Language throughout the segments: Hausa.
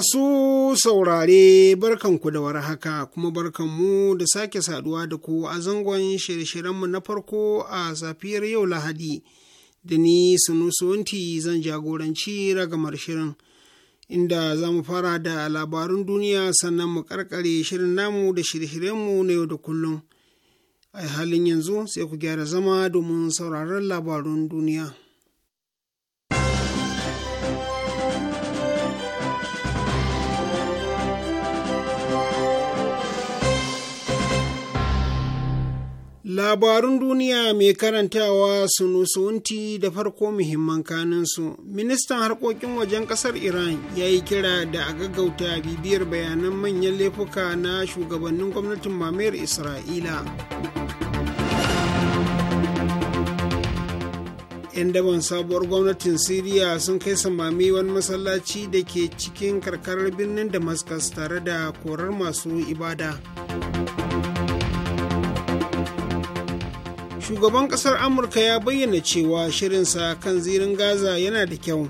Masu saurare barkanku da warhaka kuma barkanmu da sake saduwa da ku a zangon shirye-shiryenmu na farko a safiyar yau Lahadi da ni sunusunti zan jagoranci ragamar shirin inda za mu fara da labarun duniya sannan mu karkare shirin namu da shirye-shiryenmu na yau da kullum. A halin yanzu sai ku gyara zama domin sauraron labarun duniya. Labarun duniya mai karantawa sunusunti da farko muhimman kaninsu. Ministan harkokin wajen kasar Iran ya yi kira da a gaggauta bibiyar bayanan manyan laifuka na shugabannin gwamnatin mamayar Isra'ila. 'Yan daban sabuwar gwamnatin Siriya sun kai samami wani masallaci da ke cikin karkarar birnin Damascus tare da korar masu ibada. shugaban kasar amurka ya bayyana cewa shirinsa kan zirin gaza yana da kyau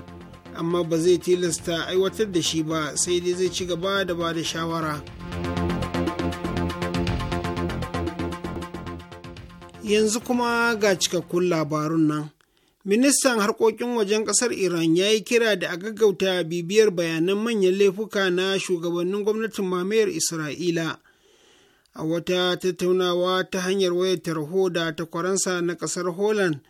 amma ba zai tilasta aiwatar da shi ba sai dai zai ci gaba da ba da shawara yanzu kuma ga cikakkun labarun nan ministan harkokin wajen kasar iran ya yi kira da a gaggauta bibiyar bayanan manyan laifuka na shugabannin gwamnatin mamayar isra'ila a wata tattaunawa ta hanyar wayar tarho da takwaransa na ƙasar holland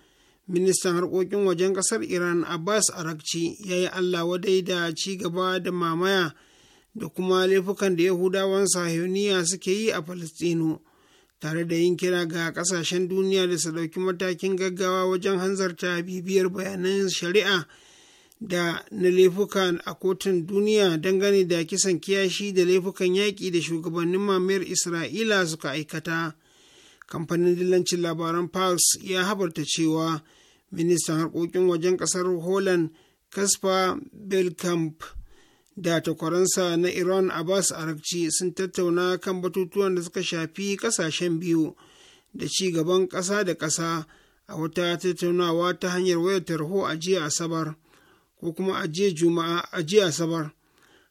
ministan harkokin wajen ƙasar iran abbas arakci ya yi allah wadai da ci gaba da mamaya da kuma laifukan da yahudawan sahiyoniya suke yi a falastinu tare da yin kira ga ƙasashen duniya da su ɗauki matakin gaggawa wajen hanzarta bibiyar bayanan shari'a da na laifuka a kotun duniya dangane da kisan kiyashi da laifukan yaƙi da shugabannin mamayar isra'ila suka aikata kamfanin dillancin labaran pals ya habarta cewa ministan harkokin wajen ƙasar holland kaspa belkamp da takwaransa na iran abbas arakci sun tattauna kan batutuwan da suka shafi ƙasashen biyu da ci gaban ƙasa da ƙasa a wata tattaunawa ta hanyar wayar tarho a jiya asabar. ko kuma a jiya juma'a a jiya asabar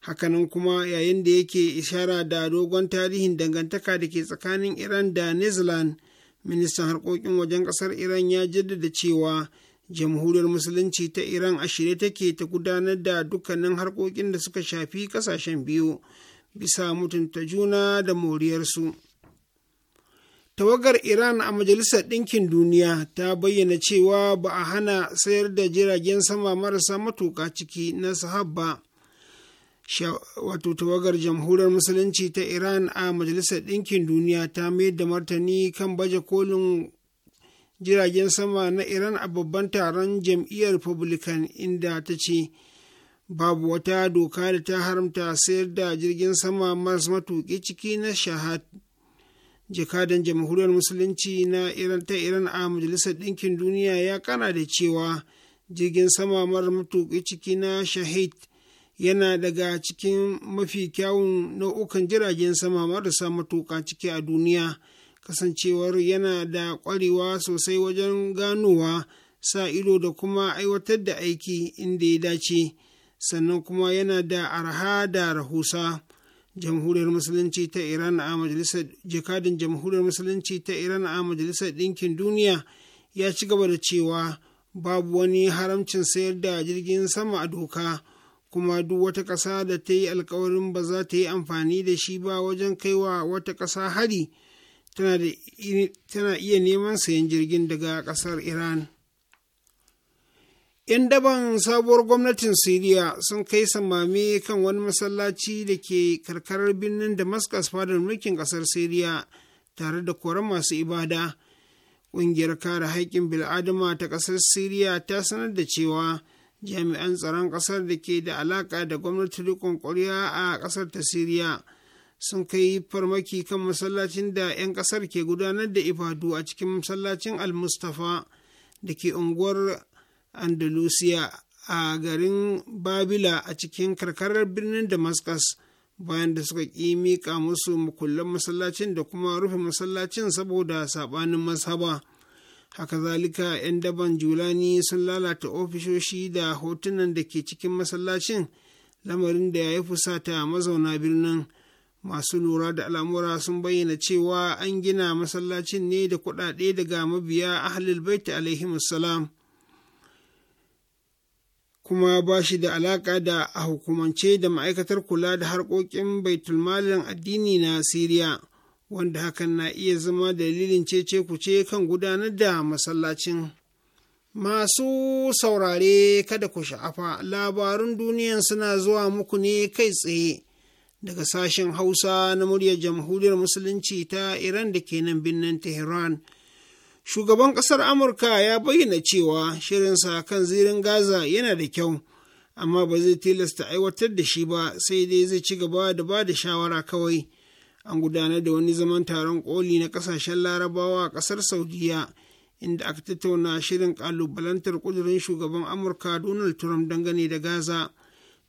hakanan kuma yayin da yake ishara da dogon tarihin dangantaka da ke tsakanin iran da netherlands ministan harkokin wajen kasar iran ya jaddada cewa jamhuriyar musulunci ta iran a shirye take ta gudanar da dukkanin harkokin da suka shafi kasashen biyu bisa mutunta juna da moriyarsu. tawagar iran a majalisar ɗinkin duniya ta bayyana cewa ba a hana sayar da jiragen sama marasa matuka ciki na sahab ba wato tawagar jamhuriyar musulunci ta iran a majalisar ɗinkin duniya ta mayar da martani kan baje kolin jiragen sama na iran a babban taron jam'iyyar republican inda ta ce babu wata doka da ta haramta sayar da jirgin sama masu matuƙi ciki na shahad jakadan jamhuriyar musulunci na iran ta iran a majalisar ɗinkin duniya ya kana da cewa jirgin sama mara matuƙi ciki na shahid yana daga cikin mafi kyawun nau'ukan jiragen sama marasa matuƙa ciki a duniya kasancewar yana da ƙwarewa sosai wajen ganowa sa ido da kuma aiwatar da aiki inda ya dace sannan kuma yana da arha da rahusa jamhuriyar musulunci ta iran a majalisar jakadin jamhuriyar musulunci ta iran a majalisar ɗinkin duniya ya ci gaba da cewa babu wani haramcin sayar da jirgin sama a doka kuma duk wata ƙasa da ta yi alkawarin ba za ta yi amfani da shi ba wajen kaiwa wata ƙasa hari tana iya neman sayan jirgin daga ƙasar iran ‘Yan daban sabuwar gwamnatin Siriya sun kai samame kan wani masallaci da ke karkarar birnin Damascus fadar mulkin kasar Siriya tare da koren masu ibada. Ƙungiyar kare haƙƙin bil'adama ta ƙasar Siriya ta sanar da cewa jami'an tsaron ƙasar da ke da alaƙa da gwamnatin rikon ƙwarya a ƙasar ta Siriya sun kai farmaki kan masallacin da 'yan ƙasar ke gudanar da ibadu a cikin masallacin Al-Mustafa da ke unguwar andalusiya a garin babila a cikin karkarar birnin damascus bayan da suka ƙi miƙa musu makullan masallacin da kuma rufe masallacin saboda saɓanin mazhaba haka zalika 'yan daban julani sun lalata ofishoshi da hotunan da ke cikin masallacin lamarin da ya fusata mazauna birnin masu lura da al'amura sun bayyana cewa an gina masallacin ne da kuɗaɗe daga mabiya ahlul baiti alaihimus salam kuma ba shi da alaƙa da a hukumance da ma'aikatar kula da harkokin baitulmalin addini na siriya wanda hakan na iya zama dalilin cece ce kan gudanar da masallacin masu saurare kada ku sha'afa labarun duniyan suna zuwa muku ne kai tsaye daga sashen hausa na muryar jamhuriyar musulunci ta iran da kenan birnin tehran shugaban ƙasar amurka ya bayyana cewa shirinsa kan zirin gaza yana da kyau amma ba zai tilasta aiwatar da shi ba sai dai zai ci gaba da ba da shawara kawai an gudanar da wani zaman taron koli na ƙasashen larabawa a ƙasar saudiya inda aka tattauna shirin ƙalubalantar ƙudurin shugaban amurka donald trump dangane da gaza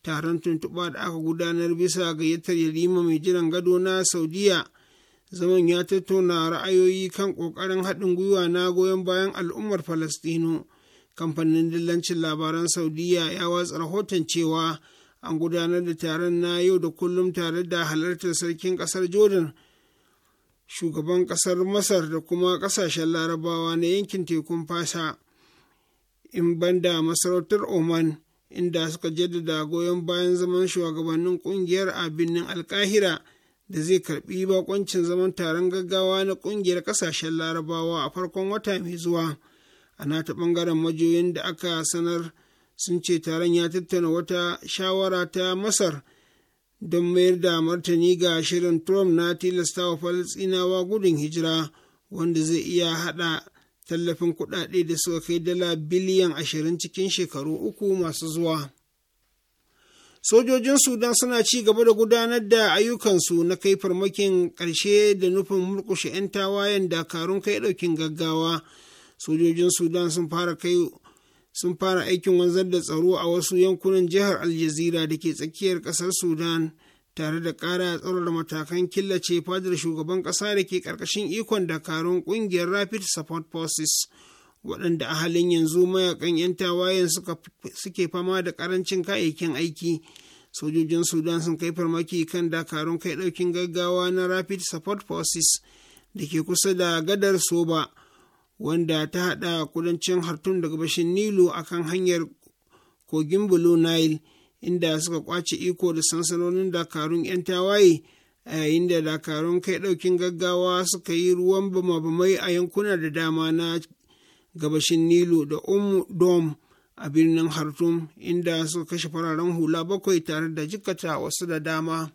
taron tuntuɓa da aka gudanar bisa ga 'yatar yarima mai jiran gado na saudiya zaman ya tattauna ra'ayoyi kan ƙoƙarin haɗin gwiwa na goyon bayan al'ummar falastino kamfanin dillancin labaran saudiya ya watsa rahoton cewa an gudanar da taron na yau da kullum tare da halartar sarkin ƙasar jordan shugaban ƙasar masar da kuma ƙasashen larabawa na yankin tekun fasa in banda masarautar oman inda suka jaddada goyon bayan zaman shugabannin ƙungiyar a birnin alkahira da zai karbi bakoncin zaman taron gaggawa na kungiyar kasashen larabawa a farkon wata mai zuwa a nata bangaren majoyin da aka sanar sun ce taron ya tattauna wata shawara ta masar don mayar da martani ga shirin trump na tilasta wa falastinawa gudun hijira wanda zai iya hada tallafin kudade da suka kai dala biliyan ashirin cikin shekaru uku masu zuwa. sojojin sudan suna ci gaba da gudanar da ayyukansu na kai farmakin ƙarshe da nufin murƙushe 'yan tawayen dakarun kai ɗaukin gaggawa sojojin sudan sun fara kai sun fara aikin wanzar da tsaro a wasu yankunan jihar aljazira da ke tsakiyar ƙasar sudan tare da ƙara tsaurara matakan killace fadar shugaban ƙasa da ke ƙarƙashin ikon dakarun ƙungiyar rapid support forces waɗanda a halin yanzu mayakan 'yan tawayen suke fama da ƙarancin kayayyakin aiki sojojin sudan sun kai farmaki kan dakarun kai ɗaukin gaggawa na rapid support forces da ke kusa da gadar soba wanda ta haɗa kudancin hartun da gabashin nilo akan hanyar kogin blue nile inda suka kwace iko da sansanonin dakarun 'yan tawaye a yayin da dakarun kai ɗaukin gaggawa suka yi ruwan bama-bamai a yankuna da dama na gabashin nilu da umu dom a birnin hartum inda suka kashe fararen hula bakwai tare da jikata wasu da dama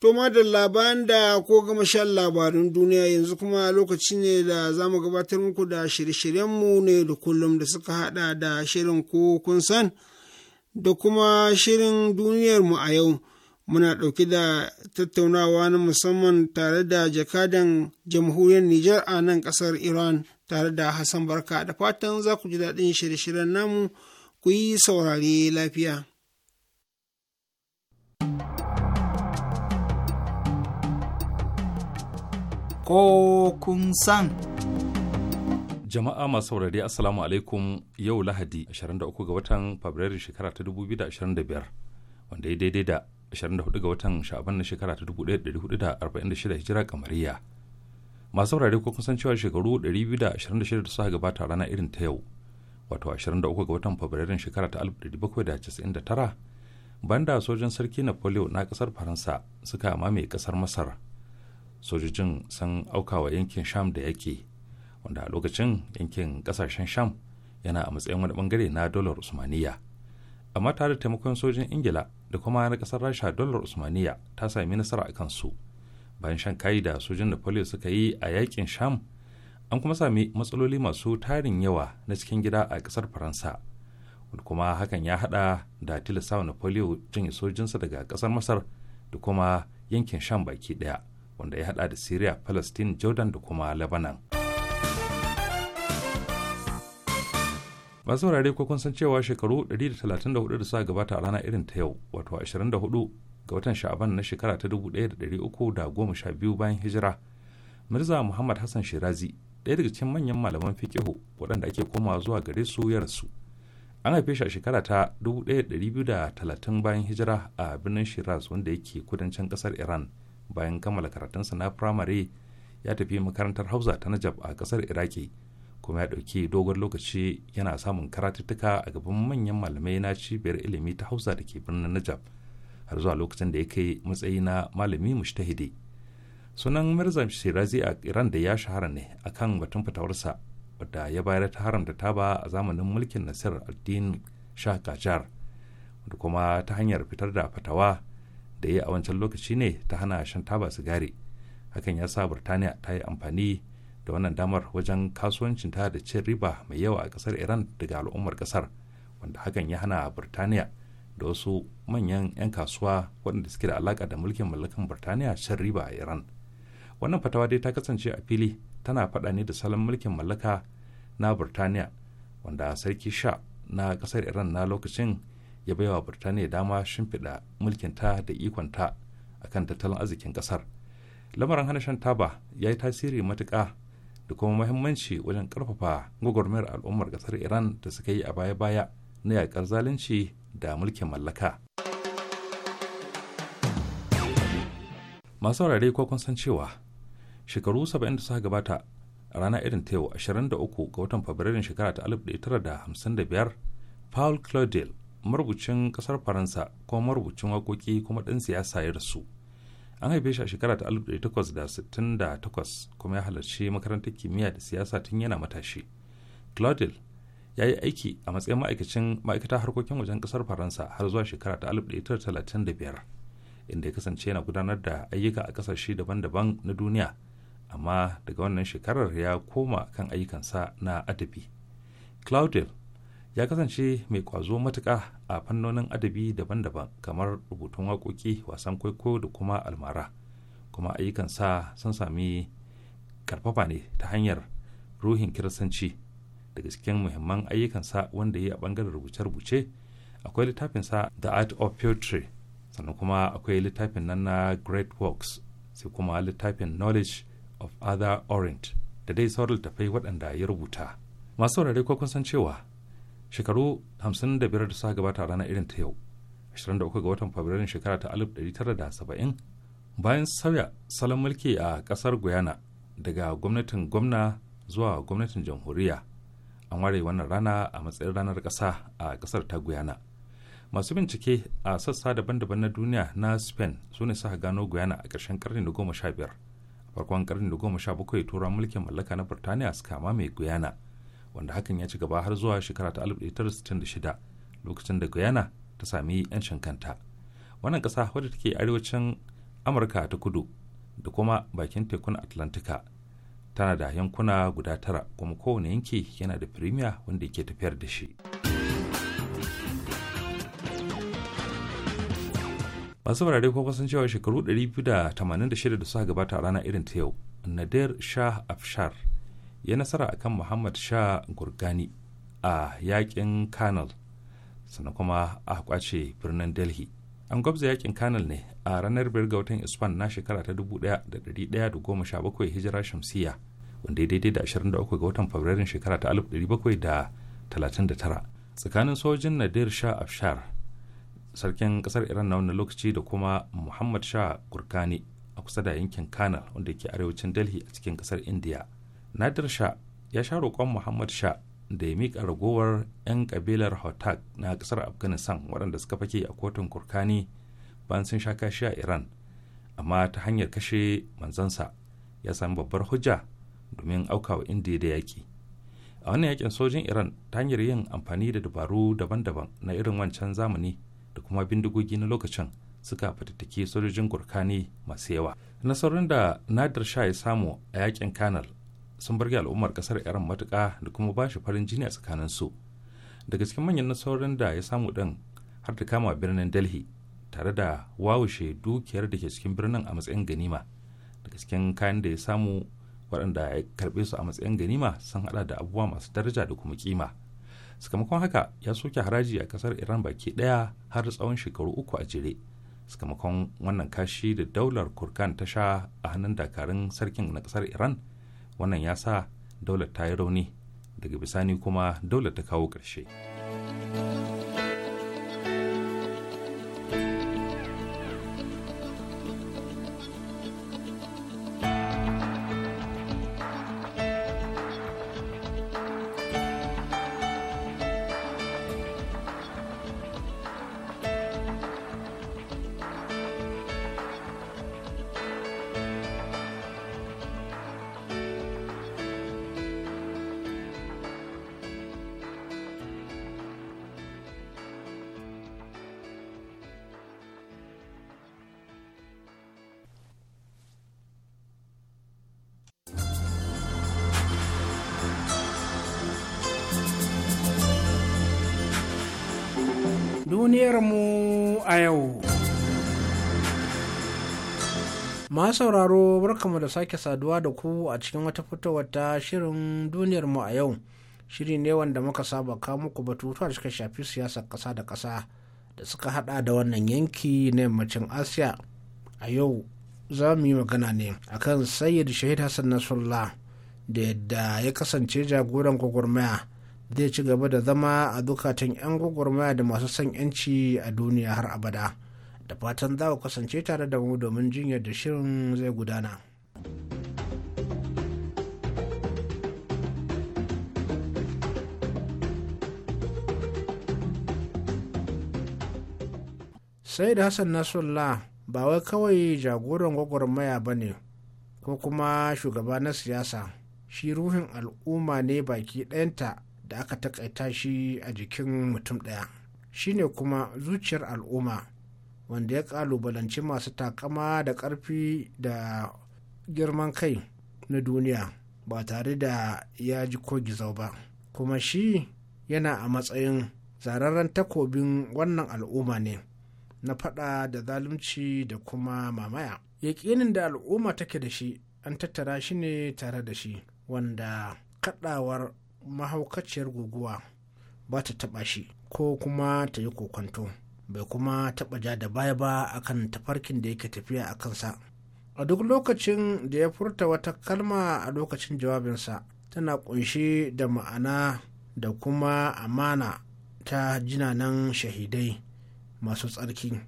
To da labaran da ko gama shan labarin duniya yanzu kuma lokaci ne da za mu gabatar muku da shirye-shiryenmu ne da kullum da suka hada da shirin ko kun san da kuma shirin duniyarmu a yau muna ɗauke da tattaunawa na musamman tare da jakadan jamhuriyar Nijar a nan ƙasar Iran tare da Hassan Barka da fatan za ku ji daɗin shirye-shiryen namu ku yi saurare lafiya. Ko kun san. Jama'a masu saurari Assalamu alaikum yau Lahadi 23 ga watan Fabrairu shekara ta 2025 wanda ya daidai da 24 ga watan Sha'aban na shekara ta 1446 Hijira kamariya. Masu saurari ko kun san cewa shekaru 226 da suka gabata rana irin ta yau wato 23 ga watan Fabrairun shekara ta 1799 banda sojin sarki Napoleon na kasar Faransa suka mamaye kasar Masar. Sojojin sun aukawa yankin Sham da yake wanda a lokacin yankin kasashen sham yana a matsayin wani bangare na dolar usmaniya amma tare da taimakon sojin ingila da kuma na kasar rasha dolar usmaniya ta sami nasara a kansu bayan shan kayi da sojin napoleon suka yi a yakin sham an kuma sami matsaloli masu tarin yawa na cikin gida a kasar faransa kuma hakan ya hada da tilastawa napoleon janye sojinsa daga kasar masar da kuma yankin sham baki daya wanda ya hada da syria palestine jordan da kuma lebanon masu saurare ko kun san cewa shekaru 134 da suka gabata a rana irin ta yau wato 24 ga watan sha'aban na shekara ta 1312 bayan hijira mirza muhammad hassan shirazi ɗaya daga cikin manyan malaman fiƙihu waɗanda ake komawa zuwa gare su ya rasu an haife shi a shekara ta 1230 bayan hijira a birnin shiraz wanda yake kudancin ƙasar iran bayan kammala karatunsa na firamare ya tafi makarantar hausa ta najab a ƙasar iraki kuma ya ɗauki dogon lokaci yana samun karatuttuka a gaban manyan malamai na cibiyar ilimi ta hausa da ke birnin najaf har zuwa lokacin da ya kai matsayi na malami mushtahidi sunan mirza shirazi a iran da ya shahara ne akan batun fitawarsa wadda ya bayar ta haramta taba a zamanin mulkin nasir addin shah gajar wadda kuma ta hanyar fitar da fatawa da ya a wancan lokaci ne ta hana shan taba sigari hakan ya sa burtaniya ta yi amfani da wannan damar wajen kasuwancin ta da cin riba mai yawa a kasar iran daga al'ummar kasar wanda hakan ya hana birtaniya da wasu manyan 'yan kasuwa waɗanda suke da alaƙa da mulkin mallakan birtaniya cin riba a iran wannan fatawa dai ta kasance a fili tana faɗa ne da salon mulkin mallaka na birtaniya wanda sarki sha na kasar iran na lokacin ya baiwa birtaniya dama shimfiɗa mulkin ta da ikon ta akan tattalin arzikin kasar lamarin hana shan taba ya yi tasiri matuƙa da kuma muhimmanci wajen karfafa gwagwarmayar al'ummar kasar iran da suka yi a baya-baya na yakar zalunci da mulkin mallaka masu rare ko kun san cewa shekaru 70 da suka gabata a rana irin ta yau 23 ga watan fabrairun shekara ta 1955 paul claudel marubucin kasar faransa kuma marubucin waƙoƙi kuma ɗan siyasa ya rasu an haife shi a shekara ta 1868 kuma ya halarci makarantar kimiyya da siyasa tun yana matashi claudel ya yi aiki a matsayin ma'aikacin ma'aikata harkokin wajen kasar faransa har zuwa shekara ta 1935 inda ya kasance yana gudanar da ayyuka a kasashe daban-daban na duniya amma daga wannan shekarar ya koma kan ayyukansa na adabi claudel ya kasance mai kwazo matuƙa a fannonin adabi daban-daban kamar rubutun waƙoƙi wasan kwaikwayo da kuma almara kuma ayyukansa sun sami karfafa ne ta hanyar ruhin kiristanci daga cikin muhimman ayyukansa wanda ya yi a bangaren rubuce-rubuce akwai littafinsa the art of poetry sannan kuma akwai littafin nan na great works sai kuma littafin knowledge of other orient da dai sauran littafai waɗanda ya rubuta masu saurari ko san cewa shekaru 55 da suka gabata ranar irin ta yau 23 ga watan fabrairun shekara ta 1970 bayan sauya salon mulki a kasar guyana daga gwamnatin gwamna zuwa gwamnatin jamhuriya an ware wannan rana a matsayin ranar kasa a kasar ta guyana masu bincike a sassa daban-daban na duniya na spain su ne suka gano guyana a ƙarshen ƙarni na goma sha biyar a farkon ƙarni na goma sha bakwai turan mulkin mallaka na birtaniya suka mamaye guyana wanda hakan ya ci gaba har zuwa shekara ta 1966 lokacin da guyana ta sami 'yancin kanta wannan ƙasa wadda take arewacin amurka ta kudu da kuma bakin tekun atlantika tana da yankuna guda tara kuma kowane yanki yana da firimiya wanda yake tafiyar da shi masu barare ko kusan cewa shekaru 286 da suka gabata a rana irin ta yau nadir shah afshar ya nasara a kan muhammad sha gurgani a yakin kanal sannan kuma a kwace birnin delhi an gwabza yakin kanal ne a ranar biyar watan isfan na shekara ta 1117 hijira shamsiya wanda daidai da 23 ga watan fabrairun shekara ta 1739 tsakanin sojin nadir sha afshar sarkin kasar iran na wani lokaci da kuma muhammad sha gurkani a kusa da yankin kanal wanda ke arewacin delhi a cikin kasar india nadir sha ya sha roƙon muhammad sha da ya miƙa ragowar 'yan ƙabilar hotak na ƙasar afghanistan waɗanda suka fake a kotun kurkani bayan sun sha kashi a iran amma ta hanyar kashe manzansa ya sami babbar hujja domin auka wa indiya da yaƙi a wannan yakin sojin iran ta hanyar yin amfani da dabaru daban-daban na irin wancan zamani da kuma bindigogi na lokacin suka fatattaki sojojin kurkani masu yawa nasarorin da nadar sha ya samu a yakin kanal sun burge al'ummar kasar iran matuka da kuma ba shi farin jini a tsakanin su daga cikin manyan nasarorin da ya samu din har da kama birnin delhi tare da wawushe dukiyar da ke cikin birnin a matsayin ganima daga cikin kayan da ya samu waɗanda ya karɓe su a matsayin ganima sun haɗa da abubuwa masu daraja da kuma kima sakamakon haka ya soke haraji a kasar iran baki ɗaya har tsawon shekaru uku a jere sakamakon wannan kashi da daular kurkan ta sha a hannun dakarun sarkin na kasar iran wannan ya sa daular ta yi rauni daga bisani kuma daular ta kawo ƙarshe. masu sauraro barkamu da sake saduwa da ku a cikin wata fitowar ta shirin duniyar mu a yau shiri ne wanda muka saba kawo muku batutuwa da suka shafi siyasar ƙasa da ƙasa da suka hada da wannan yanki na yammacin asiya a yau za mu yi magana ne akan sayyid shahid hassan nasrullah da yadda ya kasance jagoran gwagwarmaya zai ci gaba da zama a dukatan 'yan gwagwarmaya da masu son 'yanci a duniya har abada. da fatan za ku kasance tare da mu domin jinyar da shirin zai gudana. sai da hassan nasrullah ba wai kawai jagoran gwagwarmaya ba ne ko kuma shugaba na siyasa shi ruhin al'umma ne baki ɗayanta da aka takaita shi a jikin mutum ɗaya Shi ne kuma zuciyar al'umma wanda ya kalubalanci masu takama da ƙarfi da girman kai na duniya ba tare da ya ji ko gizau ba kuma shi yana a matsayin zararren takobin wannan al'umma ne na fada da zalunci da kuma mamaya yaƙinin da al'umma take da shi an tattara shi ne tare da shi wanda kaɗawar mahaukaciyar guguwa ba ta taɓa shi ko kuma ta yi kokonto bai kuma taɓa ja da baya ba akan tafarkin da yake tafiya a kansa a duk lokacin da ya furta wata kalma a lokacin jawabinsa tana kunshi da ma'ana da kuma amana ta jinanan shahidai masu tsarki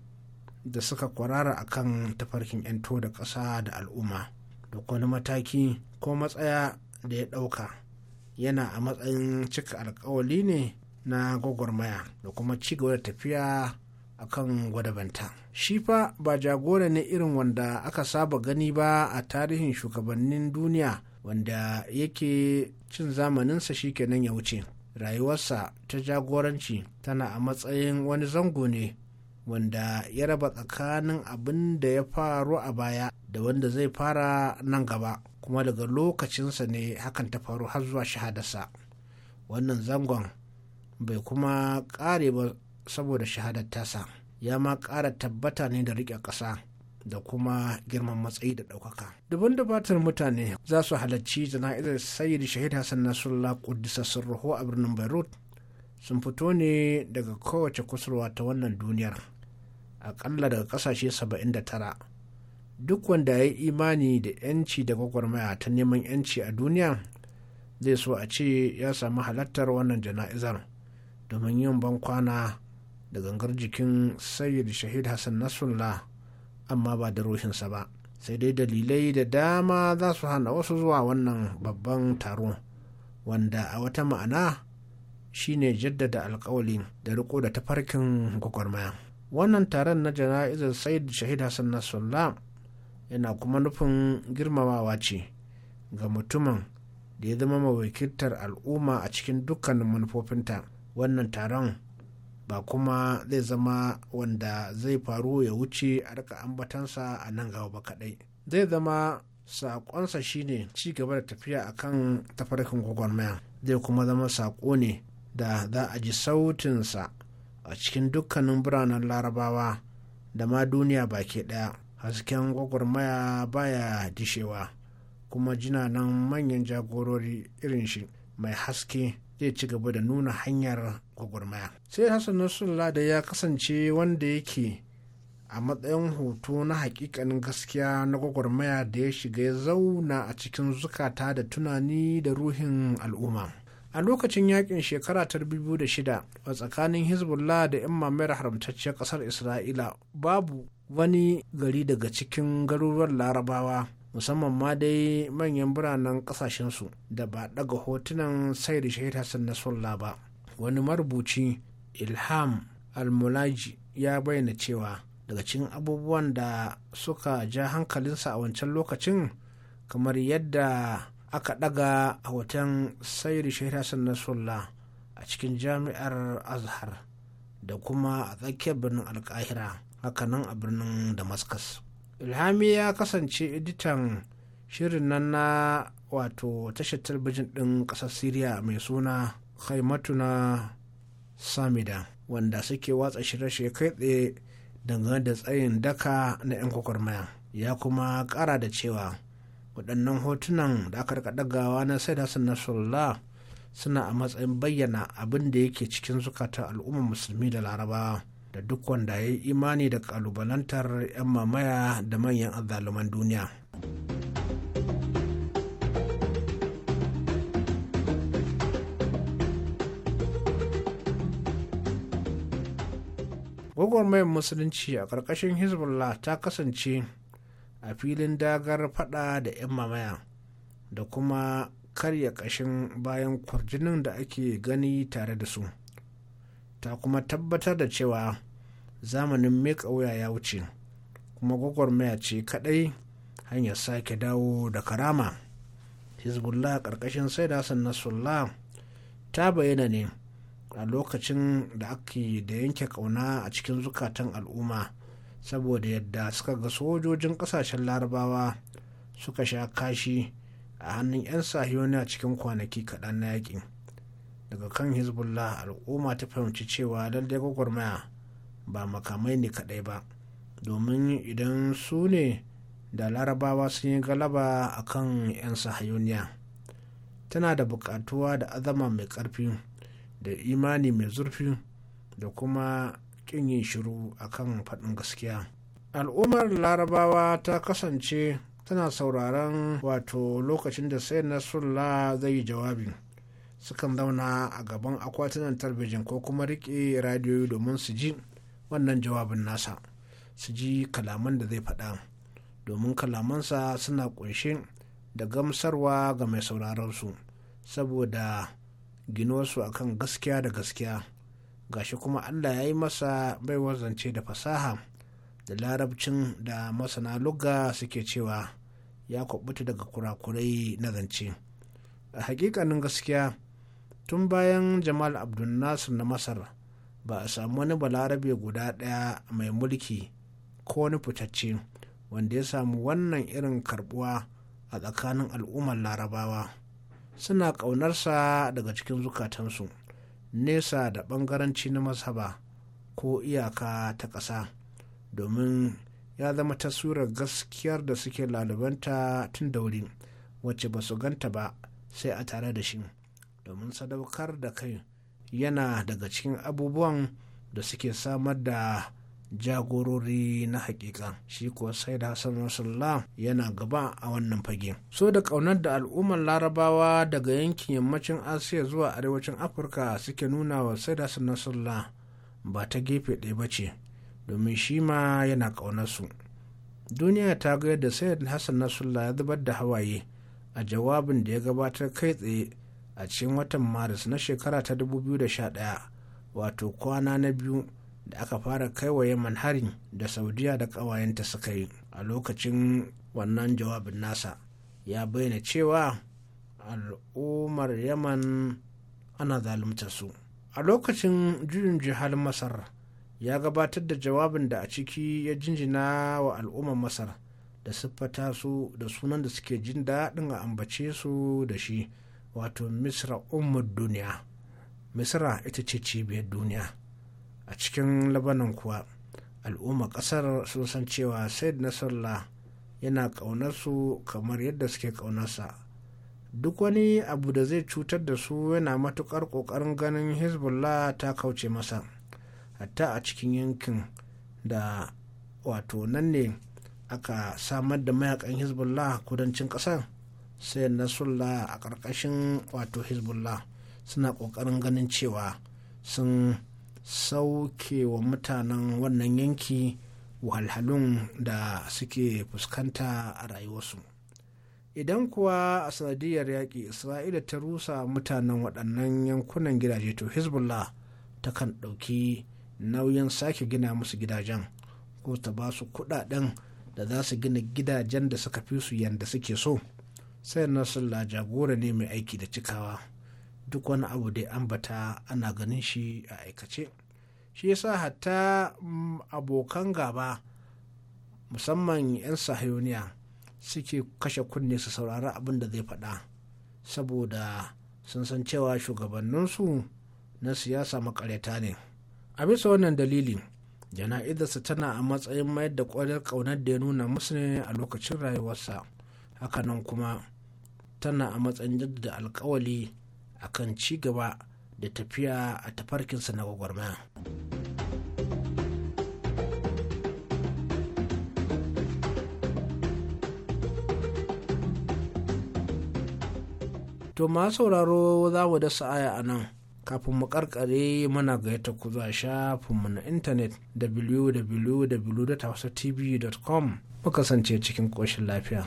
da suka kwarara akan tafarkin 'yanto da ƙasa da al'umma da wani mataki ko matsaya da ya ɗauka yana a matsayin cika alkawali ne na gwagwarmaya da kuma ci gaba da tafiya a kan gwadabanta shi fa ba jagora ne irin wanda aka saba gani ba a tarihin shugabannin duniya wanda yake cin zamaninsa shi shikenan ya wuce rayuwarsa ta jagoranci tana a matsayin wani zango ne wanda ya raba tsakanin abin da ya faru a baya da wanda zai fara nan gaba kuma daga lokacinsa ne hakan ta faru har zuwa shahadarsa wannan zangon bai kuma ƙare ba saboda shahadar tasa ya ma ƙara tabbata ne da riƙe ƙasa da kuma girman matsayi da ɗaukaka. da batar mutane za su halarci jana'izar sayyid shahid Hassan Nasrullah Kudisa Sirruhu a birnin Beirut sun fito ne daga kowace kusurwa ta wannan duniyar aƙalla daga ƙasashe 79 duk wanda ya yi imani da 'yanci da gwagwarmaya ta neman 'yanci a duniya zai so a ce ya sami halartar wannan jana'izar domin yin bankwana da gangar jikin sayyid shahid hassan nasrullah amma ba da ruhinsa ba sai dai dalilai da dama za su hana wasu zuwa wannan babban taro wanda a wata ma'ana shine jaddada alkawali da riko da tafarkin gwagwarmaya wannan taron na jana'izar sayyid shahid hassan nasrullah yana kuma nufin girmamawa ce ga mutumin da ya zama mawakiltar al'umma a cikin dukkanin manufofinta wannan taron ba kuma zai zama wanda zai faru ya wuce a rika ambatansa a nan gaba ba kaɗai zai zama saƙonsa shine ci gaba da tafiya a kan tafarkin gwagwarmaya zai kuma zama saƙo ne da za a ji sautinsa a cikin dukkanin biranen larabawa da ma duniya baki ɗaya hasken gwagwarmaya baya dishewa kuma jina nan manyan jagorori irin shi mai haske zai ci gaba da nuna hanyar gwagwarmaya sai hassan nasrullah da ya kasance wanda yake a matsayin hoto na hakikanin gaskiya na gwagwarmaya da ya shiga ya zauna a cikin zukata da tunani da ruhin al'umma a lokacin yakin shekara ta 2006 a tsakanin hezbollah da 'yan mamayar haramtacciyar kasar isra'ila babu wani gari daga cikin garuruwan larabawa musamman ma dai manyan biranen kasashensu da ba daga hotunan da shahid hassan nasrullah ba wani marubuci ilham almulaji ya bayyana cewa daga cikin abubuwan da suka ja hankalinsa a wancan lokacin kamar yadda aka daga a hoton da shahid hassan nasrullah a cikin jami'ar azhar da kuma a tsakiyar birnin alkahira hakanan a birnin damascus ilhami ya kasance editan shirin nan na wato tashar talbijin ɗin ƙasar siriya mai suna na samida wanda suke watsa shirye-shirye kai tsaye dangane da tsayin daka na 'yan kwakwarmaya ya kuma ƙara da cewa waɗannan hotunan da aka rika ɗagawa na sai da nasrullah suna a matsayin bayyana abin da yake cikin zukatan al'ummar musulmi da larabawa da duk wanda ya yi imani da kalubalantar 'yan mamaya da manyan azzaluman duniya. gwagwarmayar musulunci a ƙarƙashin hezbollah ta kasance a filin dagar fada da 'yan mamaya da kuma karya ƙashin bayan kwarjinin da ake gani tare da su. ta kuma tabbatar da cewa zamanin miƙa wuya ya wuce kuma gwagwarmaya ce kaɗai hanyar sake dawo da karama hezbollah ƙarƙashin sai da hassan nasrullah ta bayyana ne a lokacin da ake da yanke ƙauna a cikin zukatan al'umma saboda yadda suka ga sojojin ƙasashen larabawa suka sha kashi a hannun 'yan sahiyoni a cikin kwanaki kaɗan na yaƙi daga kan hezbollah al'umma ta fahimci cewa lallai gwagwarmaya ba makamai ne kadai ba domin idan su ne da larabawa sun yi galaba a kan 'yan sahayuniya tana da buƙatuwa da azama mai ƙarfi da imani mai zurfi da kuma ƙin yin shiru a kan faɗin gaskiya al'ummar larabawa ta kasance tana sauraron wato lokacin da sai nasrullah zai yi jawabi sukan zauna a gaban akwatunan talbijin ko kuma riƙe radiyoyi domin su ji wannan jawabin nasa su ji kalaman da zai faɗa domin kalamansa suna ƙunshe da gamsarwa ga mai su saboda ginuwarsu kan gaskiya da gaskiya gashi kuma allah ya yi masa bai zance da fasaha da larabcin da masana lugga suke cewa ya kwabuta daga kurakurai na zance a hakikanin gaskiya tun bayan jamal abdulnasir na masar ba a samu wani balarabe guda ɗaya mai mulki ko wani fitacce wanda ya samu wannan irin karbuwa a tsakanin al'ummar larabawa suna ƙaunarsa daga cikin zukatansu nesa da ɓangaranci na masaba ko iyaka ta ƙasa domin ya zama taswirar gaskiyar da suke lalubanta tun da wuri wacce ba su ganta ba sai a tare da shi domin sadaukar da kai yana daga cikin abubuwan da suke samar da jagorori na hakika shi kuwa sai da hassan rasulullah yana gaba a wannan fage so da kaunar da al'ummar larabawa daga yankin yammacin asiya zuwa arewacin afirka suke nuna wa sai da hassan rasulullah ba ta gefe ɗaya ba ce domin shi ma yana ƙaunarsu duniya ta ga yadda da hassan Sulla ya zubar da hawaye a jawabin da ya gabatar kai tsaye a cikin watan maris na shekara ta 2011 wato kwana na biyu da aka fara kaiwa yaman harin da saudiya da ƙawayenta suka yi a lokacin wannan jawabin nasa ya bayyana cewa al'ummar yaman ana zaluntar su a lokacin juyin jihar masar ya gabatar da jawabin da a ciki ya jinjina wa al'ummar masar da siffata su da sunan da suke jin daɗin a ambace su da shi wato misra Umar duniya misra ita ce cibiyar duniya a cikin labanan kuwa al'umma kasar sun san cewa said nasarla yana ƙaunarsu kamar yadda suke ƙaunarsa duk wani abu da zai cutar da su yana matukar ƙoƙarin ganin hezbollah ta kauce masa hatta a cikin yankin da wato nan ne aka samar da mayakan hezbollah kudancin ƙasar sai nasrullah a ƙarƙashin wato hezbollah suna ƙoƙarin ganin cewa sun sauke wa mutanen wannan yanki wahalhalun da suke fuskanta a rayuwarsu idan kuwa a sanadiyar yaƙi isra'ila ta rusa mutanen waɗannan yankunan gidaje to hezbollah ta kan ɗauki nauyin sake gina musu gidajen ko ta ba su kuɗaɗen da za su gina gidajen da suka fi su yadda suke so sai nasrallah jagora ne mai aiki da cikawa duk wani abu da ambata ana ganin shi a aikace shi yasa hatta mm, abokan gaba musamman 'yan sahayoniya suke kashe kunne su saurari abin da zai faɗa saboda sun san cewa shugabanninsu na siyasa makareta ne a bisa wannan dalili jana'izarsa tana a matsayin mayar da ƙwarar ƙaunar da ya nuna musu ne a lokacin rayuwarsa hakanan kuma tana a matsayin jaddada alkawali akan ci gaba da tafiya a tafarkinsa na gwagwarmaya. To ma sauraro za mu da sa'aya a nan kafin mu karkare mana gaita ku zuwa shafinmu na intanet www.hausatv.com mu kasance cikin ƙoshin lafiya.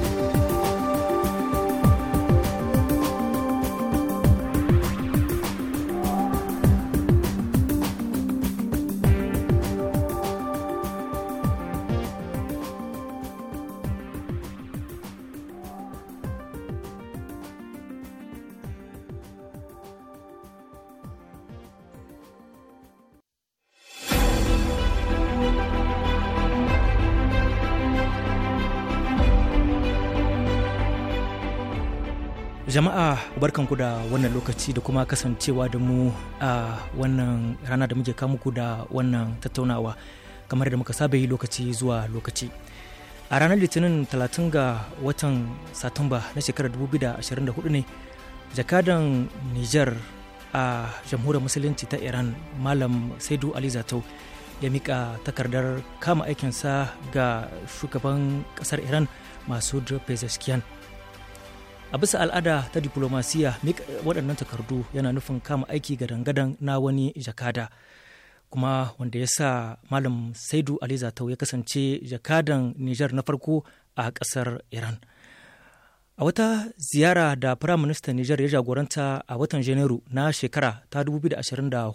Jama'a barkanku da wannan lokaci da kuma kasancewa da mu a wannan rana da muke muku da wannan tattaunawa kamar da muka saba yi lokaci zuwa lokaci. A ranar Litinin 30 ga watan Satumba na shekarar 2024 ne jakadan Nijar a jamhuriyar musulunci ta Iran Malam Saidu Ali Zato ya mika takardar kama aikinsa ga shugaban kasar Iran Masud Pezeshkian. a bisa al'ada ta diplomasiya waɗannan takardu yana nufin kama aiki ga dangadan na wani jakada kuma wanda ya sa malam saidu ali zatau ya kasance jakadan niger na farko a ƙasar iran a wata ziyara da firaministan niger ya jagoranta a watan janairu na shekara ta 2024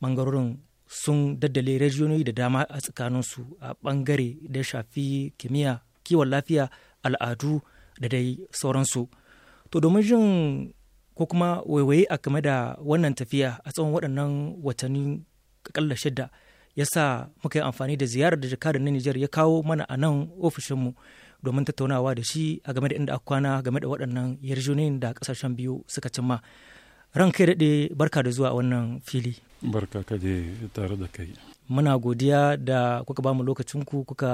ɓangarorin sun daddale rijiyoyi da dama a tsakaninsu a ɓangare da shafi kimiyya kiwon lafiya al'adu da dai sauransu to domin jin ko kuma waiwaye a game da wannan tafiya a tsawon waɗannan watanni akalla shida ya sa muka yi amfani da ziyarar da jakadar na Nijar ya kawo mana a nan ofishinmu domin tattaunawa da shi a game da inda aka kwana game da waɗannan yarjunin da ƙasashen biyu suka cimma. Ran kai daɗe barka da zuwa wannan fili. Barka ka je tare da kai. Muna godiya da kuka bamu lokacinku kuka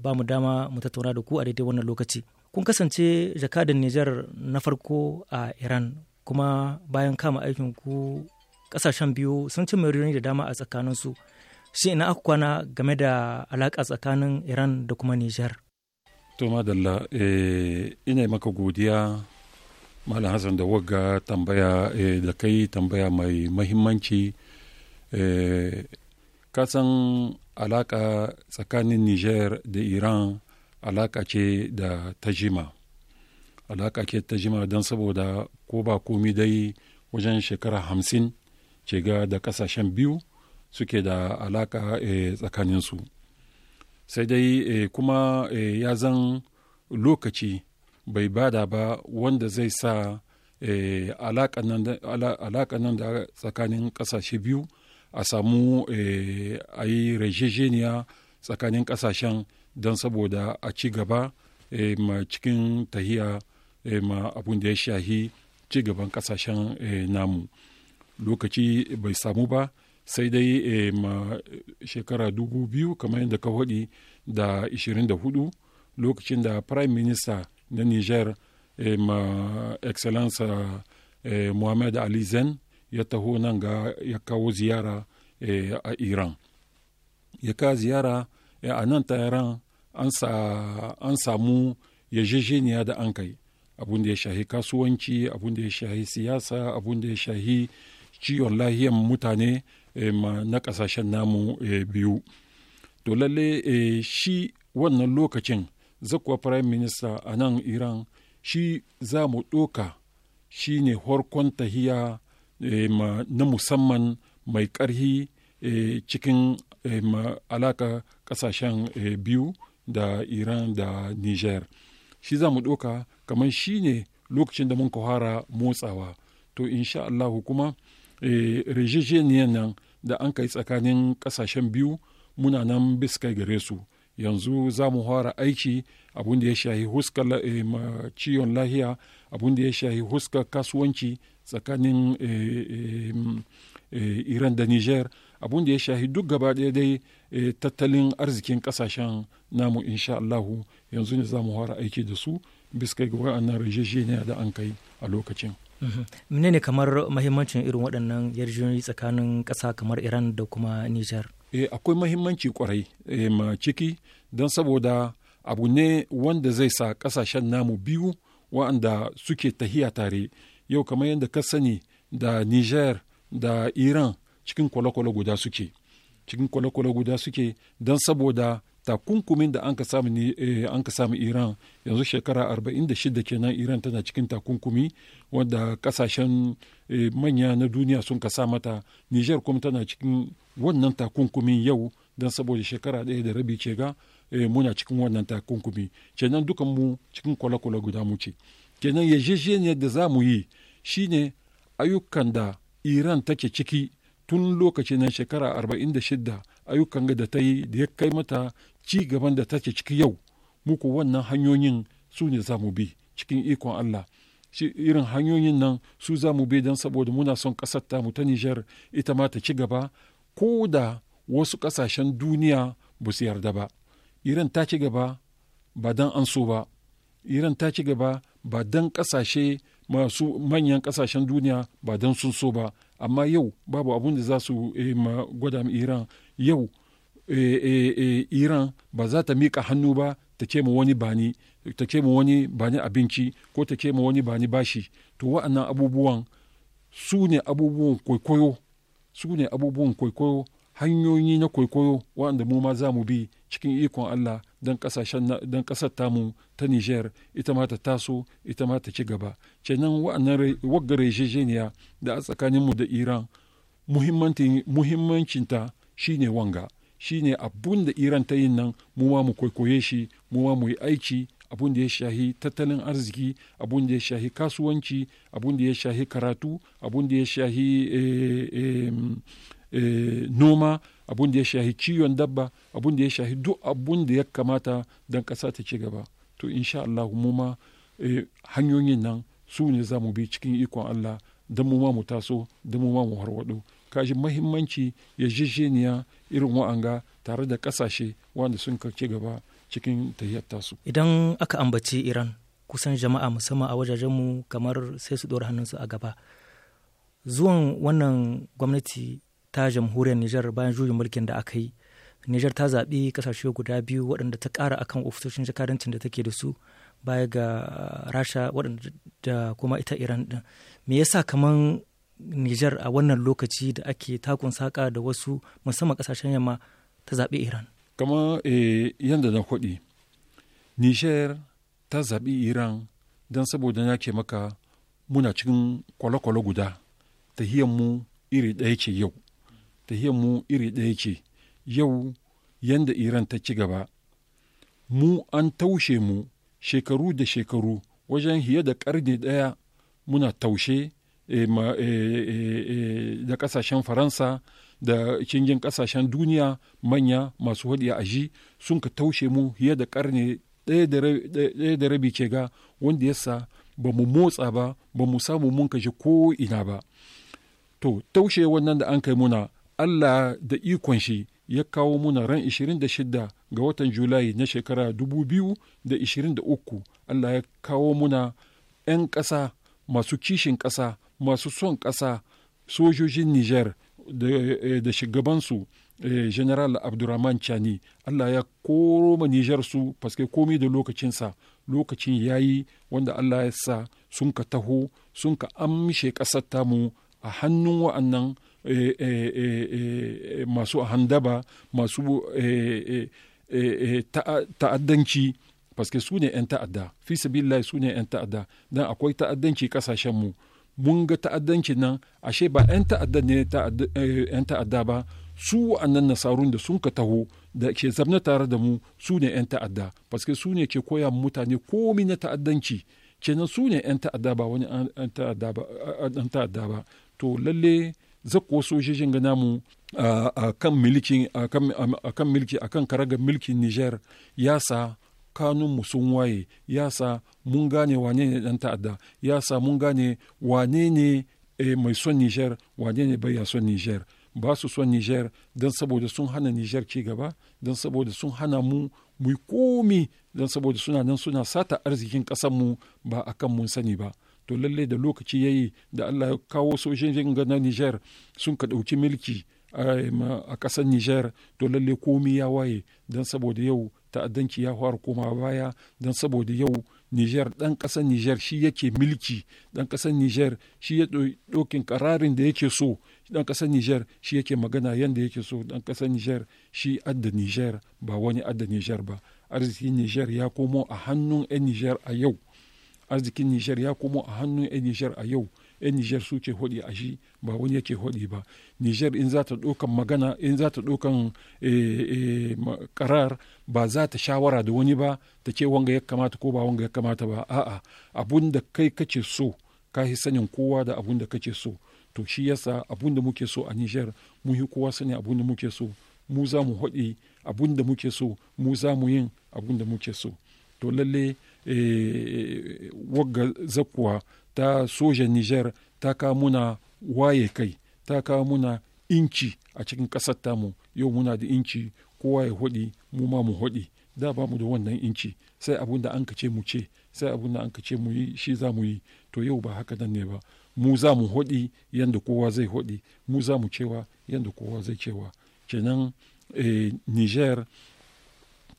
ba mu dama mu tattauna da ku a daidai wannan lokaci. kun kasance jakadan Nijar na farko a Iran kuma bayan kama aikin ku kasashen biyu sun ci da dama a tsakaninsu shi ina aka kwana game da alaƙa tsakanin Iran da kuma Nijar. To madalla eh, ina maka godiya Malam Hassan da wagga tambaya eh, da kai tambaya mai mahimmanci eh, kasan alaƙa tsakanin Nijar da Iran alaƙa ce da ta jima alaƙa ce ta jima don saboda ko ba komi dai wajen shekara hamsin ce ga da kasashen biyu suke da alaƙa eh, tsakaninsu sai dai eh, kuma eh, ya zan lokaci bai bada ba wanda zai sa alaƙa nan da tsakanin ƙasashe biyu a samu a yi rejejeniya tsakanin ƙasashen don saboda a ci gaba eh, ma cikin tahiya eh, ma abun da ya shahi ci gaban kasashen eh, namu lokaci bai samu ba sai dai ma shekara dubu biyu kamar yadda ka faɗi da 24 lokacin da prime minister na niger ma excellence muhammad ali zen ya taho nan ga ya kawo ziyara a iran ya kawo ziyara a nan tayaran an samu yarjejeniya da an kai abun da ya shahi kasuwanci abun da ya shahi siyasa abun da ya shahi ciwon lahiyan mutane eh, na kasashen namu eh, biyu to lalle eh, shi wannan lokacin zakuwa prime minister a nan iran shi za mu ɗoka shi ne horkon tahiya na musamman mai ƙarhi cikin alaka kasashen eh, biyu da iran da niger shi za mu ɗoka kamar shi ne lokacin da mun fara motsawa to insha allahu kuma eh, rejejeniyan nan da an kai tsakanin kasashen biyu muna nan biskai gare su yanzu za mu fara aiki abin da ya shahi huskar eh, ciwon lahiya abin da ya shahi huskar kasuwanci tsakanin mm, iran da niger abin da ya shahi duk gaba ɗaya dai Eh, tattalin arzikin kasashen namu insha Allahu yanzu ne za mu fara aiki da su biskai ga wa'annan rajejeniya da an kai a lokacin. Mhm. ne kamar mahimmancin irin waɗannan yarjejeniyoyi tsakanin ƙasa kamar Iran da kuma Nijar? Eh, akwai mahimmanci kwarai eh, ma ciki don saboda abu ne wanda zai sa ƙasashen namu biyu wa'anda suke tahiya tare yau kamar yadda ka sani da Nijar da Iran cikin kwale-kwale guda suke. cikin kwale guda suke don saboda takunkumin da an ka samu eh, iran yanzu shekara 46 kenan iran tana cikin takunkumi wadda kasashen eh, manya na duniya sun ka sa mata niger kuma tana cikin wannan takunkumin yau don saboda shekara ɗaya da rabi ce ga eh, muna cikin wannan takunkumi kenan dukan mu cikin kwalekwale guda mu ce kenan yajejeniyar da za mu yi shine ayyukan da iran take ciki tun lokacin na shekara arba'in da 46 ayyukan da ta yi da ya kai mata ci gaban da take ciki yau muku wannan hanyoyin su ne za mu bi cikin ikon Allah shi irin hanyoyin nan su za mu bi don saboda muna son ƙasar tamu ta Nijar ita ma ta ci gaba ko da wasu kasashen duniya ba su yarda ba Iran ta ci gaba ba don an so ba Iran ta ci gaba ba don ƙasashe masu manyan ƙasashen duniya ba don sun so ba amma yau babu abun da za su eh, ma gwada iran yau eh, eh, iran ba za ta miƙa hannu ba ta ce wani bani ta ce wani bani abinci ko ta ce wani bani bashi to wa'annan abubuwan su ne abubuwan kwaikwayo su ne abubuwan kwaikwayo hanyoyi na kwaikwayo waɗanda mu ma za mu bi cikin ikon Allah don ƙasar tamu ta Nijar ita ma ta taso ita ma ta ci gaba. Kenan wa'annan wagga rejejeniya da a tsakaninmu da Iran muhimmancinta shine wanga shine abun da Iran ta yin nan mu ma mu kwaikwaye shi mu ma mu yi aiki abun da ya shahi tattalin arziki abun da ya shahi kasuwanci abun da ya shahi karatu abun da ya shahi eh, eh, Eh, noma abun da ya shahi kiwon dabba abun da ya shahi duk abun da ya kamata don ƙasa ta ci gaba to insha Allah mu ma eh, hanyoyin nan su ne za mu bi cikin ikon Allah don mu ma mu taso don mu ma mu harwaɗo kaji mahimmanci ya jijjeniya irin wa'anga tare da ƙasashe wanda sun ci gaba cikin tahiyar tasu idan aka ambaci iran kusan jama'a musamman a mu kamar sai su ɗora hannunsu a gaba zuwan wannan gwamnati ta jamhuriyar Nijar bayan juyin mulkin da aka yi. Nijar ta zaɓi kasashe guda biyu waɗanda ta ƙara akan ofisoshin jakadancin da take da su baya ga Rasha waɗanda da kuma ita Iran ɗin. Me yasa kamar Nijar a wannan lokaci da ake takun saƙa da wasu musamman ƙasashen yamma ta zaɓi Iran? Kama eh, yadda na kwaɗi, Nijar ta zaɓi Iran don saboda na ke maka muna cikin kwale-kwale guda, mu iri ɗaya ce yau. tahiyar mu iri ɗaya ce yau yanda iran ta ci gaba mu an taushe mu shekaru da shekaru wajen hiye da ƙarni ɗaya muna taushe e, e, e, da ƙasashen faransa da cingin ƙasashen duniya manya masu a aji sun ka taushe mu hiye da ƙarni ɗaya da rabi ke ga wanda yasa ba mu motsa ba ba mu samu mun kashe ko ina ba to taushe wannan da an kai muna Allah da ikon shi ya kawo muna ran 26 ga watan Julai na shekara 2023 Allah ya kawo muna 'yan ƙasa masu kishin ƙasa masu son ƙasa sojojin Nijar eh, da shugabansu eh, General Abdurrahman Chani Allah ya koro ma Nijar su faske komi da lokacinsa lokacin ya yi wanda Allah ya sa sun ka taho sun ka amshe ƙasar tamu a hannun wa'annan Eh, eh, eh, masu handaba masu ta'addanci paske su ne 'yan ta'adda fi su ne 'yan ta'adda dan akwai ta'addanci kasashen mu mun ga ta'addanci nan ashe ba 'yan ta'adda ne 'yan ta'adda ba su wa'annan nasarun da sun ka taho da ke zamna tare da mu su ne 'yan ta'adda paske su ne ke koya mutane komi na ta'addanci kenan su ne 'yan ta'adda ba wani 'yan ta'adda ba to lalle zakko sojojin ga namu a kan milki a kan milki a kan karagar milkin niger ya sa mu sun waye ya sa mun gane wane ne dan ta'adda ya sa mun gane wane ne e, mai son niger wane ne bai ya son niger ba su son niger don saboda sun hana niger ci gaba don saboda sun hana mu mu komi don saboda suna nan suna sata arzikin mu ba akan mun sani ba to lalle da lokaci yayi da Allah ya kawo sojojin ga na Niger sun ka ɗauki milki a ƙasar Niger to lalle komi ya waye don saboda yau ta'addanci ya fara koma baya don saboda yau Niger ɗan ƙasar Niger shi yake milki ɗan ƙasar Niger shi ya ɗokin ƙararin da yake so ɗan ƙasar Niger shi yake magana yadda yake so ɗan ƙasar Niger shi adda Niger ba wani adda Niger ba arzikin Niger ya komo a hannun 'yan Niger a yau. arzikin nijar ya komo a hannun 'yan nijar a yau 'yan nijar su ce hodi a shi ba wani yake hodi ba nijar in za ta ɗaukan magana in za ta ɗaukan karar eh, eh, ba za ta shawara da wani ba ta ce wanga ya kamata ko ba wanga ya kamata ba a'a abun da kai kace so ka yi sanin kowa da abun da kace so to shi yasa abun da muke so a nijar mu yi kowa sani abun da muke so mu za mu hodi abun da muke so mu za mu yin abun da muke so to lalle E, wagga zakuwa ta sojan niger ta kawo muna waye kai ta ka muna inci a cikin ƙasar tamu yau muna da inci kowa ya hudi mu ma mu hudi da ba mu da wannan inci sai abun da an ce mu ce sai abun da an ce mu yi shi za mu yi to yau ba haka nan ne ba mu za mu hudi yadda kowa zai hudi mu za mu cewa yadda kowa zai cewa kenan e, niger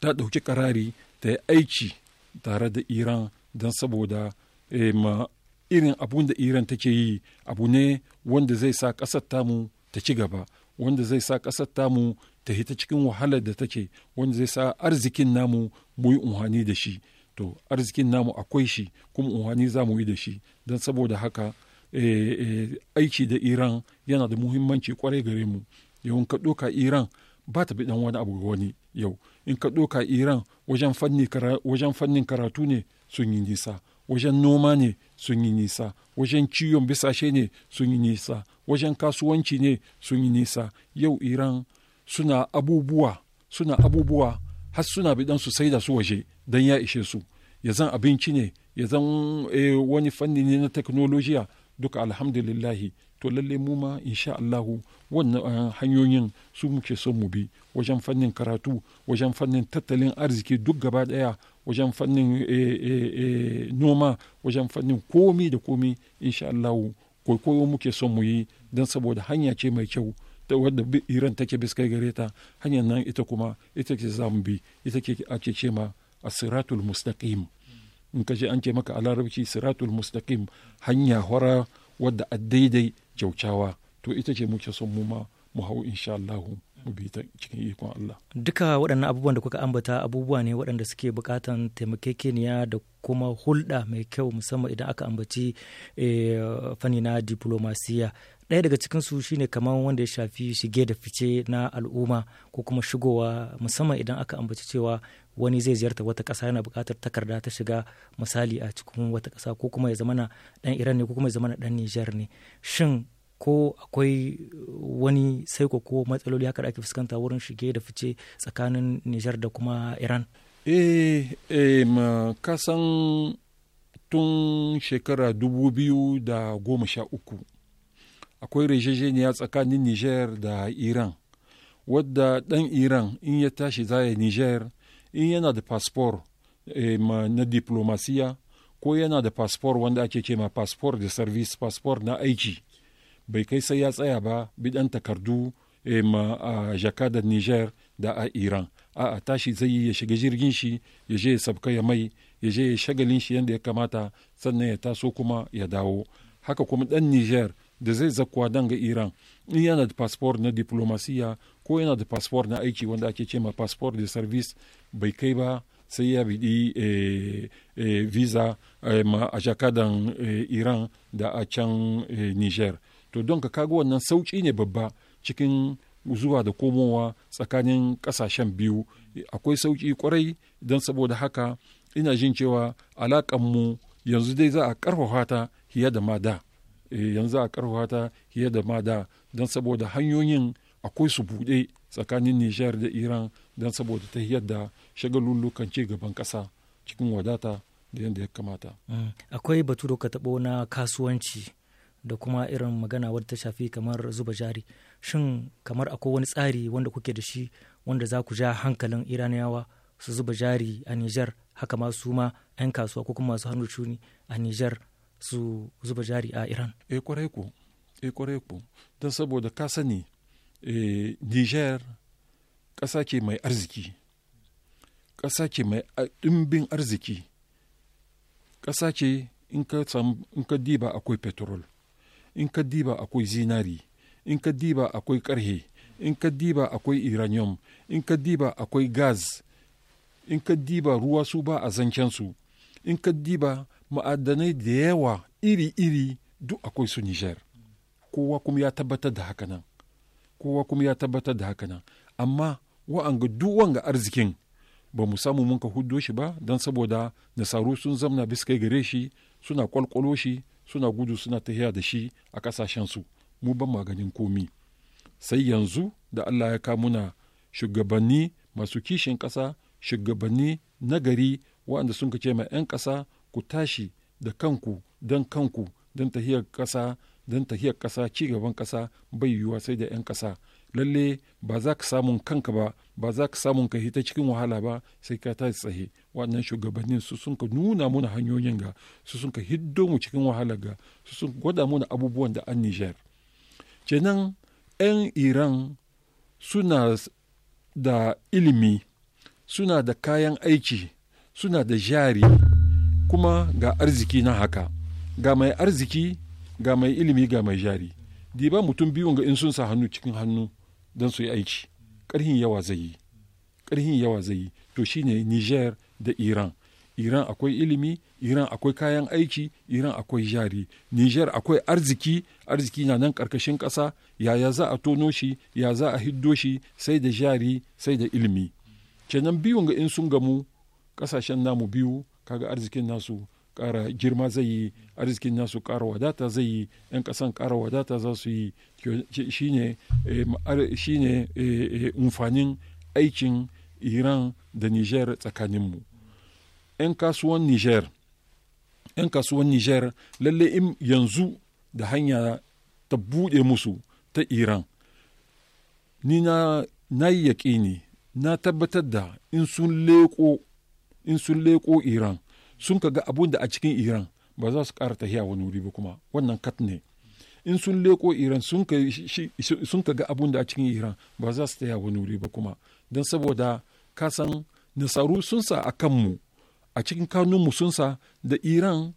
ta ɗauki ƙarari ta yi aiki tare da iran don saboda eh, ma irin abun da iran take yi abu ne wanda zai sa ƙasar tamu ta ci gaba wanda zai sa ƙasar tamu ta hita cikin wahalar da take wanda zai sa arzikin namu mu yi unhani da shi to arzikin namu akwai shi kuma unhani za mu yi da shi don saboda haka eh, eh, aiki da iran yana da muhimmanci kwarai gare mu yawan ka doka iran ba ta bi dan wani abu ga wani yau in ka ɗoka iran wajen fannin karatu ne sun yi nisa wajen noma ne sun yi nisa wajen ciwon bisashe ne sun yi nisa wajen kasuwanci ne sun yi nisa yau iran suna abubuwa suna abubuwa har suna bidan su sai da su waje dan ya ishe su ya zan abinci ne ya zan eh, wani fanni ne na teknolojiya duka alhamdulillahi to lalle mu ma insha Allahu wannan eh, hanyoyin su muke son mu bi wajen fannin karatu wajen fannin tattalin arziki duk gaba daya wajen fannin eh, eh, noma wajen fannin komi da komi insha Allahu kwaikwayo muke son mu yi don saboda hanya ce mai kyau ta wadda iran take biskai gare ta hanyar nan ita kuma ita ce za mu bi ita ke ake ce ma a siratul mustaqim in ka je an ce maka a larabci siratul mustaqim hanya hora wadda a daidai kyaukyawa to ita ce muke son mu ma mu hau insha Allahu mu bi ta cikin ikon Allah. Duka waɗannan abubuwan da kuka ambata abubuwa ne waɗanda suke buƙatan taimakekeniya da kuma hulɗa mai kyau musamman idan aka ambaci eh, fanni na diplomasiya. Ɗaya daga cikin su shine kamar wanda ya shafi shige da fice na al'umma ko kuma shigowa musamman idan aka ambaci cewa wani zai ziyarta wata ƙasa yana buƙatar takarda ta shiga misali a cikin wata ƙasa ko kuma ya zamana ɗan iran ne ko kuma ya zamana ɗan nijar ne shin ko akwai wani saiko ko matsaloli haka da ake fuskanta wurin shige da fice tsakanin nijar da kuma iran eh eh ma kasan tun shekara dubu biyu da goma sha uku akwai rejejeniya tsakanin nijar da iran wadda ɗan iran in ya tashi zaya nijar in e, yana da fasfor e, na diplomasiya ko yana da fasfor wanda ake ce ma fasfor da service fasfor na aiki bai kai sai ya tsaya ba bidan takardu e, ma a jakadar niger da a iran a tashi zai yi ya shiga jirgin shi ya je ya sabka ya mai ya je ya shagalin shi yadda ya kamata sannan ya taso kuma ya dawo haka kuma dan niger da zai zakwa dan ga iran in yana da fasfor na diplomasiya ko yana da fasfor na aiki wanda ake ce ma passport de service bai kai ba sai ya biɗi eh, eh, visa eh, ma a jakadan iran da a can niger to don ka kago wannan sauki ne babba cikin zuwa da komowa tsakanin kasashen biyu akwai sauki kwarai don saboda haka ina jin cewa mu yanzu dai za a ƙarfafa ta fiye da ma da yanzu a ƙarfafa ta fiye da ma don saboda hanyoyin akwai su buɗe tsakanin nijar da iran don saboda ta yadda shagalullukan ci gaban ƙasa cikin wadata da yadda ya kamata mm. akwai batu da ka taɓo na kasuwanci da kuma irin magana wadda ta shafi kamar zuba jari shin kamar akwai wani tsari wanda kuke da shi wanda za ku ja hankalin iraniyawa su zuba jari a nijar haka ma su ma 'yan kasuwa ko kuma masu hannu cuni a nijar su zuba jari a iran e kwarai ku e kwarai ku don saboda ka sani Eh, niger ƙasa ce mai arziki ƙasa ce mai ɗimbin arziki ƙasa ce in ka diba akwai petrol in ka diba akwai zinari in ka diba akwai ƙarhe in ka diba akwai iranium in ka diba akwai gas in ka diba ruwa su ba a zancensu in ka diba ma'adanai da yawa iri-iri duk akwai su nijar kowa kuma ya tabbatar da haka nan kowa kuma ya tabbatar da haka nan amma wa'anga duk wanga arzikin ba mu samu mun ka huddo shi ba don saboda nasaru sun zamna biskai gare shi suna kwalkwalo shi suna gudu suna tahiya da shi a kasashen su mu ban maganin komi sai yanzu da allah ya muna shugabanni masu kishin kasa shugabanni nagari waɗanda sun ce ma 'yan kasa ku tashi da kanku dan kanku don tahiyar kasa. don tahiyar ƙasa ci gaban ƙasa bai yiwuwa sai da 'yan ƙasa lalle ba za ka samun kanka ba ba za ka samun ka hita cikin wahala ba sai ka ta tsaye wannan shugabannin su sun ka nuna muna hanyoyin ga su sun ka hiddo mu cikin wahala ga su sun gwada muna abubuwan da an Nijar. kenan 'yan Iran suna da ilimi suna da kayan aiki suna da jari kuma ga arziki na haka ga mai arziki ga mai ilimi ga mai jari ba mutum biyu ga in sun sa hannu cikin hannu don su yi aiki ƙarhin yawa zai yi ƙarhin yawa zai yi to shine niger da iran iran akwai ilimi iran akwai kayan aiki iran akwai jari niger akwai arziki arziki na nan ƙarƙashin ƙasa yaya za a tono shi ya za a hiddo shi sai da jari sai da ilimi kenan biyu ga in sun gamu ƙasashen namu biyu kaga arzikin nasu kara girma zai yi arzikin nasu kara wadata zai yi 'yan kasan kara wadata za su yi shine shine umfanin eh, eh, eh, aikin iran da niger tsakaninmu 'yan kasuwan niger 'yan kasuwan niger lalle im yanzu da hanya ta bude musu ta iran ni na yi yaƙini na tabbatar da in sun leƙo iran sun ka ga abun da a cikin iran ba za su ƙara tahiya wani wuri ba kuma wannan kat ne in sun leko iran sun ka ga abun da a cikin iran ba za su tahiya wani wuri ba kuma don saboda kasan nasaru sun sa a kanmu a cikin kanunmu sun sa da iran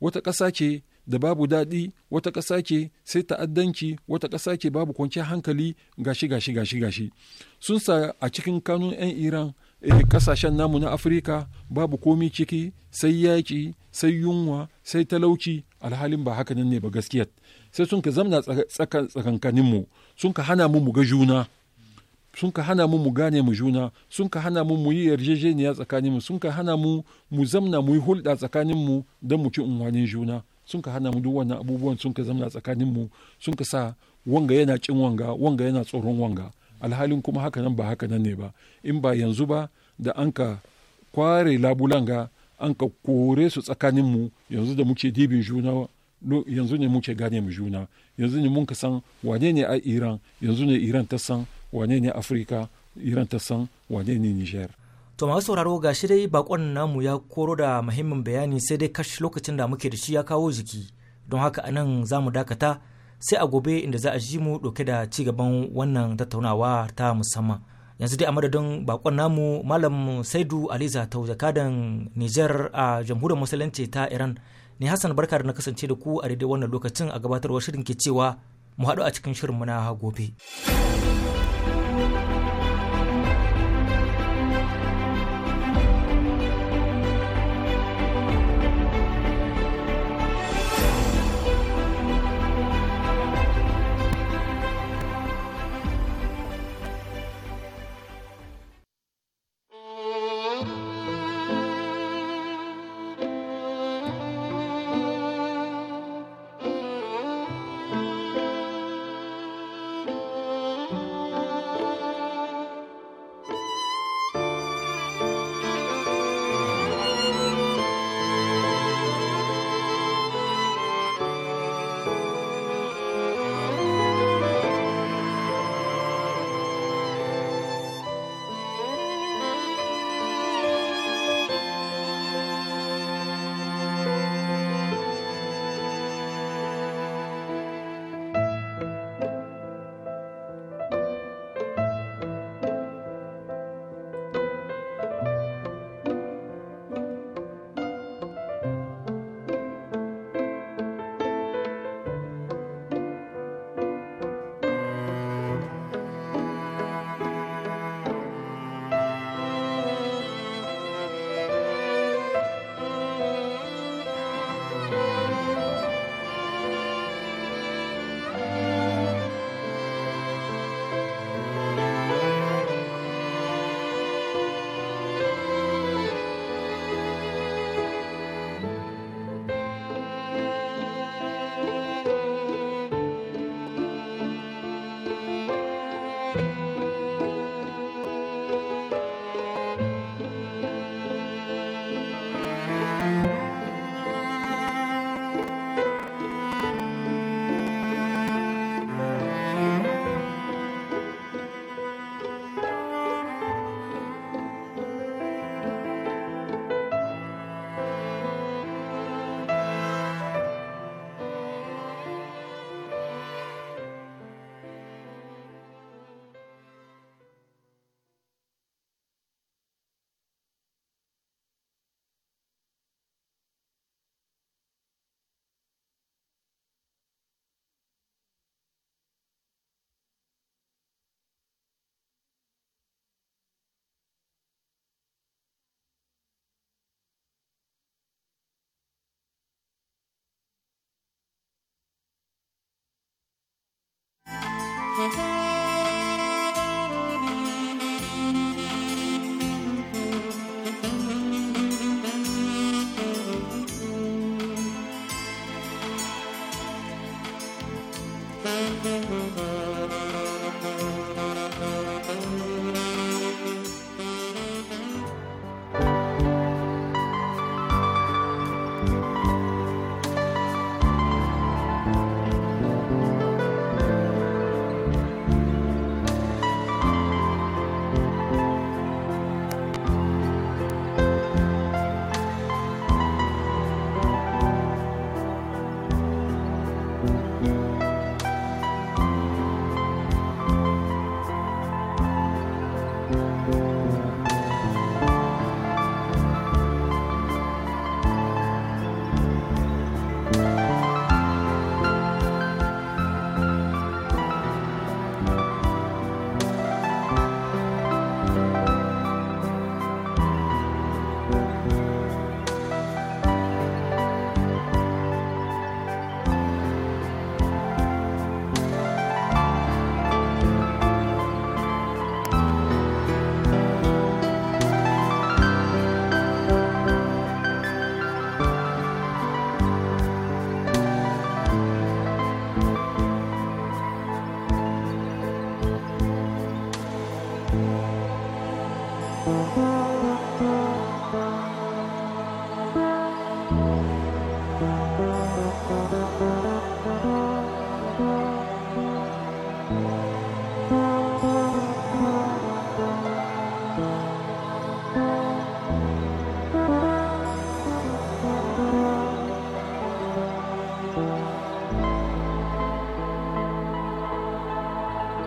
wata ƙasa ce da babu daɗi wata ƙasa ce sai ta'addanci wata ƙasa ce babu kwanciyar hankali gashi gashi gashi gashi sun sa a cikin kanun 'yan iran Eh, kasashen namu na afirka babu komi ciki sai yaƙi sai yunwa sai talauci alhalin ba haka nan ne ba gaskiya sai sun ka zamna tsakankaninmu sun ka hana mu ga juna sun ka hana mu mu gane mu juna sun ka hana mu mu yi yarjejeniya tsakanin mu sun ka hana mu mu zamna mu yi hulɗa tsakanin mu don mu ci unwanin juna sun ka hana mu duk wannan abubuwan sun ka zamna tsakanin mu sun ka sa wanga yana cin wanga wanga yana tsoron wanga alhalin kuma haka nan ba haka ne ba in ba yanzu ba da an ka kware labulanga an ka kore su tsakaninmu yanzu da muke dibin juna yanzu ne muke gane mu juna yanzu ne mun ka san wane ne a iran yanzu ne iran ta san wane ne afirka iran ta san wane ne niger to masu sauraro ga shi dai bakon namu ya koro da muhimmin bayani sai dai kashi lokacin da muke da shi ya kawo jiki don haka anan za mu dakata sai a gobe inda za a ji mu ɗauke da ci gaban wannan tattaunawa ta musamman yanzu dai a madadin bakon namu malam saidu aliza ta jakadan niger a jamhuriyar musulunci ta iran ne hassan barka da na kasance da ku a daidai wannan lokacin a gabatarwar shirin ke cewa mu haɗu a cikin shirin na gobe. Thank you.